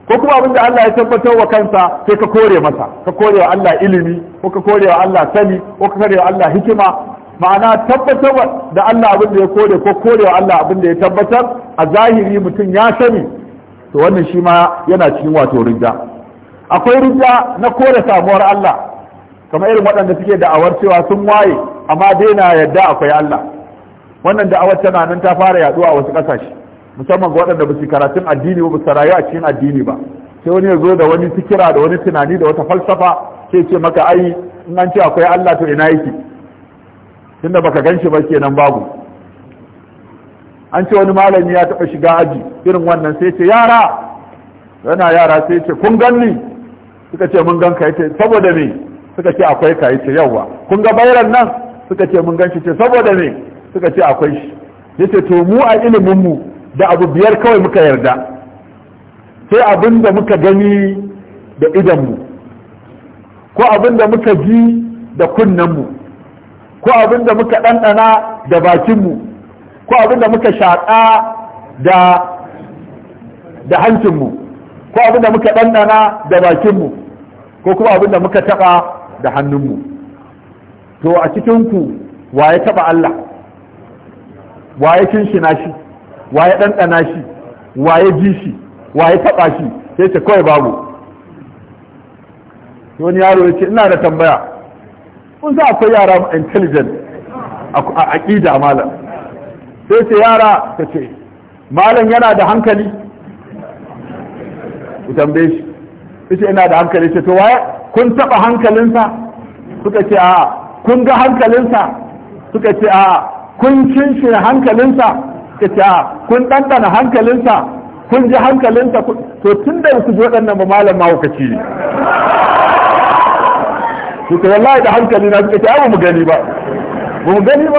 ko kuma abin da Allah ya tabbatar wa kansa sai ka kore masa ka kore wa Allah ilimi ko ka kore wa Allah sani ko ka kore wa Allah hikima ma'ana tabbatar da Allah abin da ya kore ko kore wa Allah abin da ya tabbatar a zahiri mutum ya sani to wannan shi ma yana cikin wato rijja akwai rijja na kore samuwar Allah kamar irin waɗanda suke da'awar cewa sun waye amma daina yadda akwai Allah wannan da'awar tana nan ta fara yaduwa a wasu ƙasashe musamman ga waɗanda ba su karatun addini ba su rayu a cikin addini ba sai wani ya zo da wani fikira da wani tunani da wata falsafa sai ce maka ai in an ce akwai Allah to ina yake tunda baka gan shi ba kenan babu an ce wani malami ya taɓa shiga aji irin wannan sai ce yara yana yara sai ce kun ganni suka ce mun gan ka yace saboda me suka ce akwai ka yace yawa kun ga bayran nan suka ce mun gan shi ce saboda me suka ce akwai shi yace to mu a ilimin mu da abu biyar kawai muka yarda sai abin da muka gani da idanmu ko abin da muka ji da kunnenmu ko abin da muka ɗanɗana da bakinmu ko abin da muka shaƙa da da hancinmu ko abin da muka ɗanɗana da bakinmu ko kuma abin da muka taɓa da hannunmu to a cikinku wa ya taɓa Allah wa ya kinshina shi waye ɗanɗana shi waye ji shi waye taɓa shi sai ce kawai babu wani yaro ya ce ina da tambaya kun za akwai yara intelligent a aƙida malam sai ce yara ka ce malam yana da hankali ku tambaye shi ce ina da hankali ce to waye kun taba hankalinsa suka ce a kun ga hankalinsa suka ce a kun shi hankalinsa ta ah, kun ɗanɗana hankalinsa kun ji hankalinsa to tun da su ji waɗannan ba malam mahaukaci ne suka wallahi da hankali na suka ce ba mu gani ba ba mu gani ba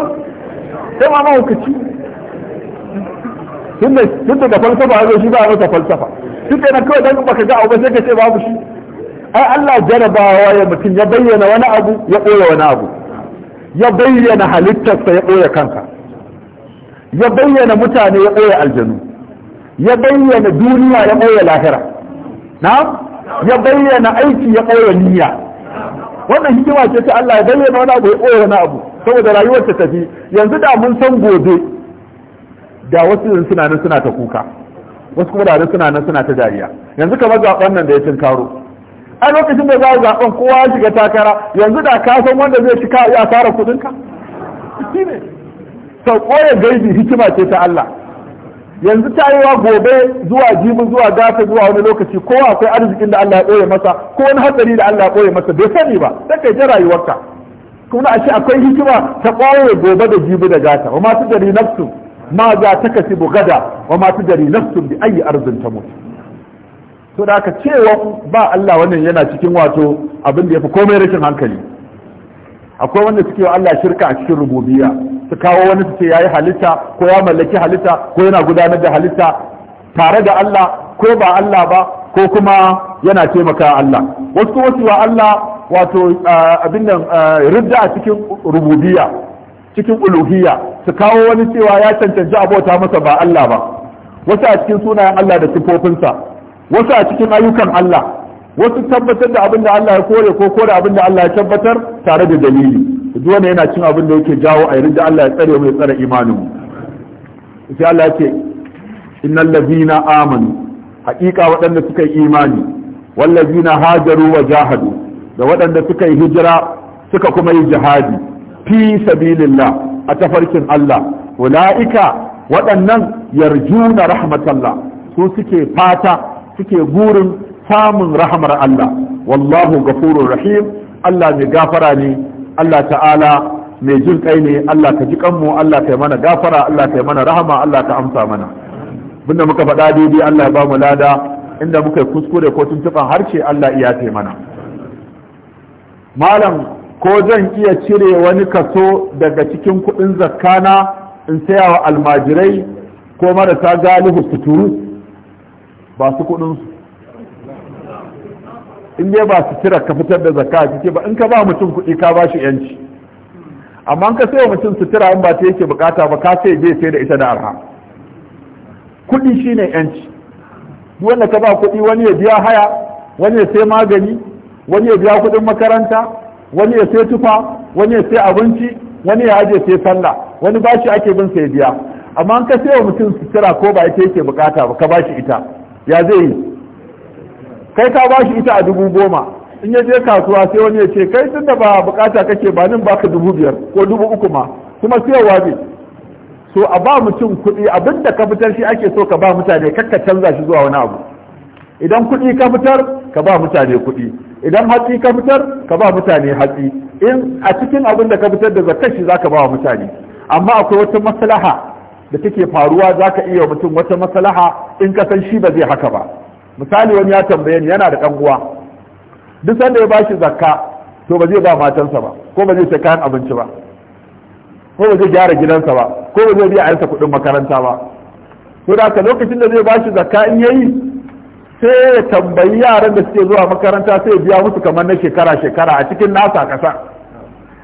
sai ma mahaukaci tun daga falsafa a zai shi ba a masa falsafa tun na kawai dan baka ga abu sai ka ce babu shi ai Allah jarabawa ya mutum ya bayyana wani abu ya ɓoye wani abu ya bayyana halittarsa ya ɓoye kanka ya bayyana mutane ya ɓoye aljanu ya bayyana duniya ya ɓoye lahira na ya bayyana aiki ya ɓoye niyya wannan hikima ce ta Allah ya bayyana wani abu ya ɓoye wani abu saboda rayuwar ta tafi yanzu da mun san gobe da wasu suna nan suna ta kuka wasu kuma da suna nan suna ta dariya yanzu kamar zaɓen nan da ya karo a lokacin da za a zaɓen kowa shiga takara yanzu da ka san wanda zai ci ka ya tara kuɗinka shi ne Sau koyar gaibi hikima ce ta Allah yanzu ta yi wa gobe zuwa jibi zuwa gasa zuwa wani lokaci ko akwai arzikin da Allah ya koye masa ko wani hatsari da Allah ya koye masa bai sani ba sai kai rayuwarka kuma ashe akwai hikima ta koyar gobe da jibi da gata. wa masu dari nafsu ma za ta kasi bugada wa masu dari nafsu bi ayi arzin ta mutu to da aka cewa ba Allah wannan yana cikin wato abin da ya fi komai rashin hankali akwai wanda suke wa Allah shirka a cikin rububiyya su kawo wani su ce yayi halitta ko ya mallaki halitta ko yana gudanar da halitta tare da Allah ko ba Allah ba ko kuma yana taimaka Allah wasu wasu wa Allah wato abin nan ridda a cikin rububiyya cikin uluhiyya su kawo wani cewa ya cancanci abota masa ba Allah ba wasu a cikin sunayen Allah da sifofinsa wasu a cikin ayyukan Allah wasu tabbatar da abin da Allah ya kore ko kore abin da Allah ya tabbatar tare da dalili duk wanda yana cin abin da yake jawo a yarda Allah ya tsare mu ya tsare imanin mu sai Allah yake, innal ladina amanu haqiqa waɗanda suka yi imani wal ladina hajaru wa jahadu da waɗanda suka yi hijira suka kuma yi jihadi fi sabilillah a tafarkin Allah ulaika waɗannan yarjuna rahmatallah su suke fata suke gurin samun rahamar Allah wallahu gafurur rahim Allah mai gafara ne Allah ta'ala mai jin kai ne Allah ka ji kanmu Allah ka mana gafara Allah ka mana rahama Allah ta amsa mana binda muka faɗa daidai Allah ya ba mu lada inda muka yi kuskure ko tuntuɓan harshe Allah iya ce mana malam ko zan iya cire wani kaso daga cikin kuɗin zakkana in saya wa almajirai ko marasa galihu suturu ba su kuɗinsu in dai ba sutura ka fitar da zakka kike ba in ka ba mutum kuɗi ka ba shi yanci amma in ka sai mutum sutura in ba ta yake bukata ba ka sai je sai da ita da arha kuɗi shine yanci duk wanda ka ba kuɗi wani ya biya haya wani ya sai magani wani ya biya kuɗin makaranta wani ya sai tufa wani ya sai abinci wani ya aje sai sallah wani bashi ake bin sai biya amma in ka sai mutum mutum sutura ko ba ita yake bukata ba ka ba shi ita ya zai yi kai ka bashi ita a dubu goma in ya je kasuwa sai wani ya ce kai tun da ba bukata kake ba nan baka dubu biyar ko dubu uku ma kuma siyarwa ne so a ba mutum kuɗi abin ka fitar shi ake so ka ba mutane kakka canza shi zuwa wani abu idan kuɗi ka fitar ka ba mutane kuɗi idan hatsi ka fitar ka ba mutane hatsi in a cikin abin da ka fitar da zakar shi zaka ba wa mutane amma akwai wata maslaha da take faruwa zaka iya mutum wata maslaha in ka san shi ba zai haka ba misali wani ya tambaye ni yana da ɗan uwa duk sanda ya bashi zakka to ba zai ba matansa ba ko ba zai sai kayan abinci ba ko ba zai gyara gidansa ba ko ba zai biya ayyuka kuɗin makaranta ba to da haka lokacin da zai bashi zakka in yayi sai ya tambayi yaran da suke zuwa makaranta sai ya biya musu kamar na shekara shekara a cikin nasa kasa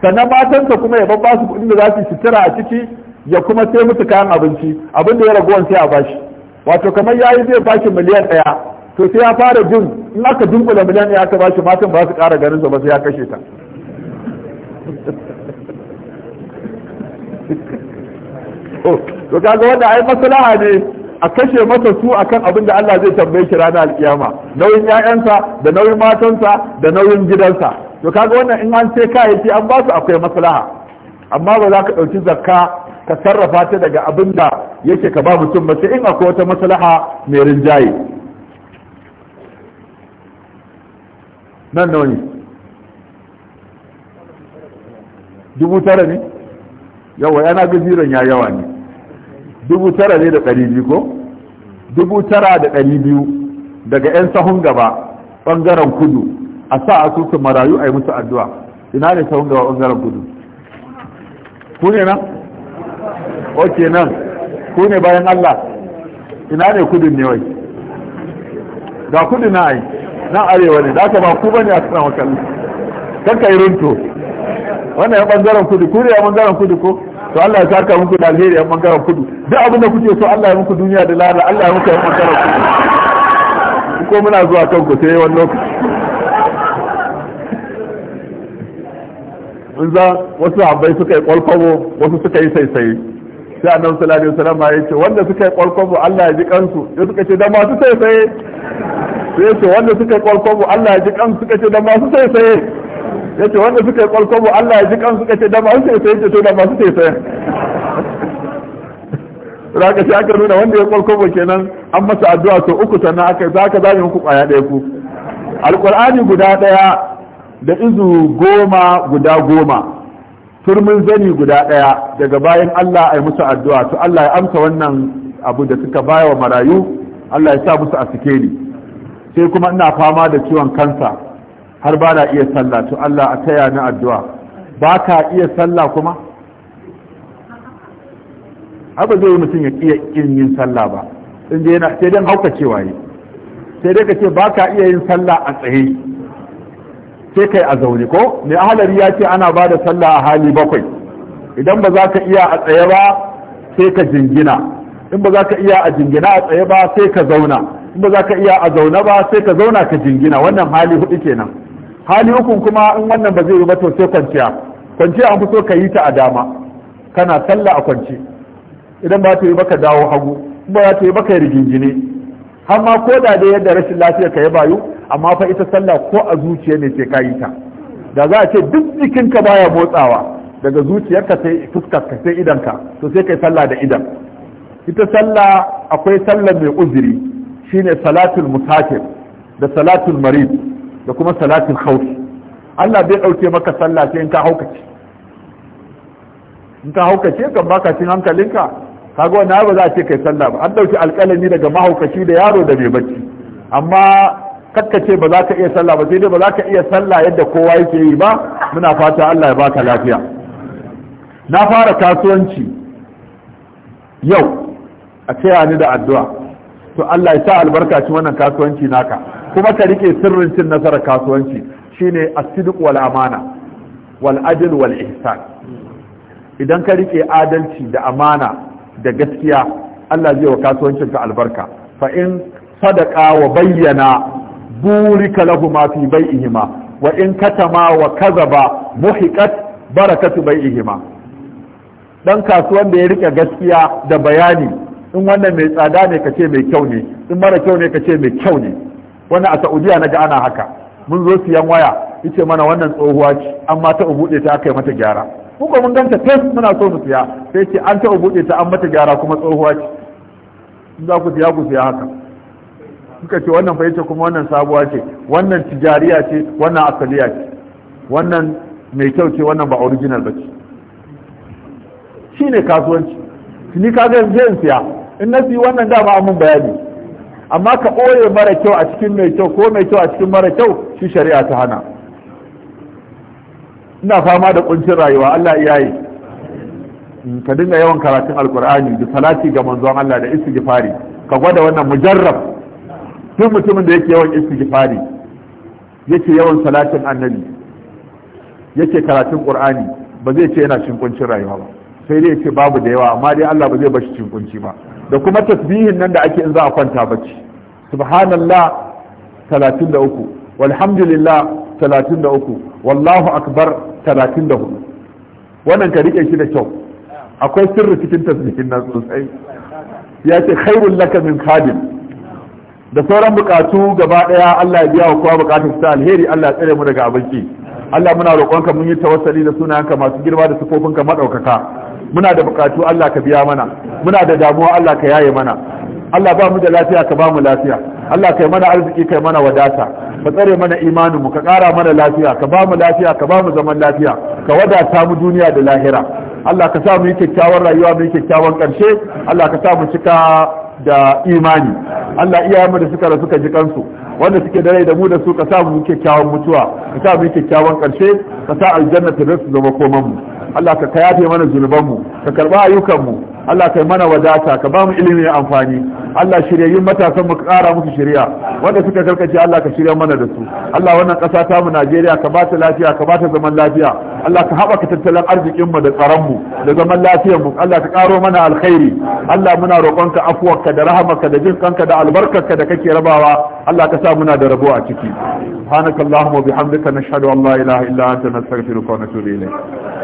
sannan matansa kuma ya babba su kuɗin da za su sutura a ciki ya kuma sai musu kayan abinci abin da ya raguwan sai a bashi wato kamar yayi zai bashi miliyan ɗaya to sai ya fara jin in aka dunkula miliyan ya aka bashi matan ba su ƙara ganin sa ba sai ya kashe ta oh, to kaga wanda ai maslaha ne a kashe masa su akan abin da Allah zai tambaye shi ranar alkiyama nauyin 'ya'yansa da nauyin matansa da nauyin gidansa to kaga wannan in an sai kayayyaki an ba su akwai maslaha amma ba za ka ɗauki zakka ka sarrafa ta daga abin da yake ka ba mutum ba sai in akwai wata maslaha mai rinjaye nan nawa ne dubu tara ne yawa yana gajiran ya yawa ne dubu tara ne da ɗari biyu ko dubu tara da ɗari biyu daga 'yan sahun gaba ɓangaren kudu a sa a asusun marayu a yi musu addu'a ina ne sahun gaba ɓangaren kudu ku ne nan ok nan ku ne bayan allah ina ne kudin ne wai ga kudu na ai nan arewa ne da aka ba ku bane a kan makalli kan yi runto wannan ya bangaren kudu ku yan ya bangaren kudu ko to Allah ya saka muku da alheri ya bangaren kudu duk abin da kuke so Allah ya muku duniya da lahira Allah ya muku ya bangaren kudu ko muna zuwa kan ku sai wani lokaci in za wasu abai suka yi kwalfawo wasu suka yi sai-sai sai annabi sallallahu alaihi wasallam ya ce wanda suka yi kwalkwabo Allah ya ji kansu ya suka ce da masu sai sai sai ce wanda suka yi kwalkwabo Allah ya ji kansu suka ce da masu sai sai ya ce wanda suka yi kwalkwabo Allah ya ji kansu suka ce da masu sai sai ce to da masu sai sai raka sai aka nuna wanda ya kwalkwabo kenan an masa addu'a to uku sannan aka za ka zabe muku kwaya ɗaya ku alqur'ani guda ɗaya da izu goma guda goma turmin zani guda ɗaya daga bayan Allah yi musu addu'a to Allah ya amsa wannan abu da suka baya wa marayu Allah ya sa musu a suke ni. sai kuma ina fama da ciwon kansa har ba na iya sallah to Allah a taya na addu'a ba ka iya sallah kuma abu zai yi mutum ya iya ƙin yin sallah ba sai dai hauka cewa yi sai dai ka ce ba ka iya yin sallah a tsaye sai kai a zaune ko mai ahalari ya ce ana ba da sallah a hali bakwai idan ba za ka iya a tsaye ba sai ka jingina in ba za ka iya a jingina a tsaye ba sai ka zauna in ba za ka iya a zaune ba sai ka zauna ka jingina wannan hali hudu kenan hali uku kuma in wannan ba zai yi ba to sai kwanciya kwanciya an fi so ka yi ta a dama kana sallah a kwance idan ba ta yi ba ka dawo hagu in ba za ta yi ba ka yi rigingine har ma ko da da yadda rashin lafiya ka ya bayu amma fa ita sallah ko a zuciya ne sai ka yi ta da za a ce duk jikinka baya motsawa daga zuciyarka sai ka sai idanka to sai kai sallah da idan ita sallah akwai sallah mai uzuri shine salatul musafir da salatul marid da kuma salatul khawf Allah bai dauke maka sallah sai in ka haukace in ka haukace kan baka cin hankalinka kaga wannan ba za a ce kai sallah ba an dauki alƙalami daga mahaukaci da yaro da bai bacci amma kakkace ba za ka iya sallah ba sai dai ba za ka iya sallah yadda kowa yake yi ba muna fata Allah ya baka lafiya na fara kasuwanci yau a taya ni da addu'a to Allah ya sa albarka cikin wannan kasuwanci naka kuma ka rike sirrin cin nasarar kasuwanci shine as-sidq wal amana wal adl wal ihsan idan ka rike adalci da amana da gaskiya Allah zai wa kasuwancinka albarka fa in sadaqa wa bayyana burika ma fi bai'ihima wa in katama wa kazaba muhiqat barakatu bai'ihima dan kasuwan da ya rike gaskiya da bayani in wannan mai tsada ne kace mai kyau ne in mara kyau ne kace mai kyau ne wannan a Saudiya naga ana haka mun zo siyan waya yace mana wannan tsohuwa ce amma ta ubude ta kai mata gyara mu ko mun ganta fes muna so mu siya sai ce an taɓa buɗe ta an mata gyara kuma tsohuwa ce in za ku siya ku siya haka suka ce wannan fahimta kuma wannan sabuwa ce wannan tijariya ce wannan asaliya ce wannan mai kyau ce wannan ba original ba ce shi ne kasuwanci ni ka ga zai siya in na siya wannan dama an mun bayani amma ka ɓoye mara kyau a cikin mai kyau ko mai kyau a cikin mara kyau shi shari'a ta hana ina fama da kuncin rayuwa Allah ya yi ka dinga yawan karatun alkur'ani da salati ga manzon Allah da istighfari ka gwada wannan mujarrab tun mutumin da yake yawan istighfari yake yawan salatin annabi yake karatun qur'ani ba zai ce yana cin kuncin rayuwa ba sai dai yake babu da yawa amma dai Allah ba zai bashi cin kunci ba da kuma tasbihin nan da ake in za a kwanta bacci subhanallah 33 walhamdulillah 33 wallahu akbar 34 wannan ka rike shi da kyau akwai sirri cikin tasbihin nan sosai ya ce khairul laka min khadim da sauran bukatu gaba daya Allah ya biya wa kowa bukatun ta alheri Allah ya tsare mu daga abinci Allah muna roƙonka mun yi tawassali da sunayenka masu girma da sufofinka madaukaka muna da bukatu Allah ka biya mana muna da damuwa Allah ka yaye mana Allah ba mu da lafiya ka ba mu lafiya Allah kai mana arziki kai mana wadata ka tsare mana imanin mu ka ƙara mana lafiya ka ba mu lafiya ka ba mu zaman lafiya ka wadata mu duniya da lahira Allah ka sa mu yi kyakkyawan rayuwa mu yi kyakkyawan ƙarshe Allah ka sa mu cika da imani Allah iya mu da suka rasu ka ji kansu wanda suke da rai da mu da su ka sa mu kyakkyawan mutuwa ka sa mu yi kyakkyawan karshe ka sa aljanna ta zama koman mu Allah ka kayafe mana zunubanmu, ka karba ayyukanmu. Allah kai mana wadata ka ba mu ilimi amfani Allah shiryayyun matasan mu kara musu shirya wanda suka karkace Allah ka shirya mana da su Allah wannan ƙasa ta mu Najeriya ka ba ta lafiya ka ba ta zaman lafiya Allah ka haɓaka tattalin arzikin mu da tsaron mu da zaman lafiyar mu Allah ka karo mana alkhairi Allah muna ka afuwarka da rahamarka da jin kanka da albarkarka da kake rabawa Allah ka sa muna da rabo a ciki subhanakallahumma bihamdika nashhadu an la ilaha illa anta